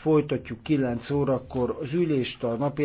Folytatjuk 9 órakor az ülést, a napi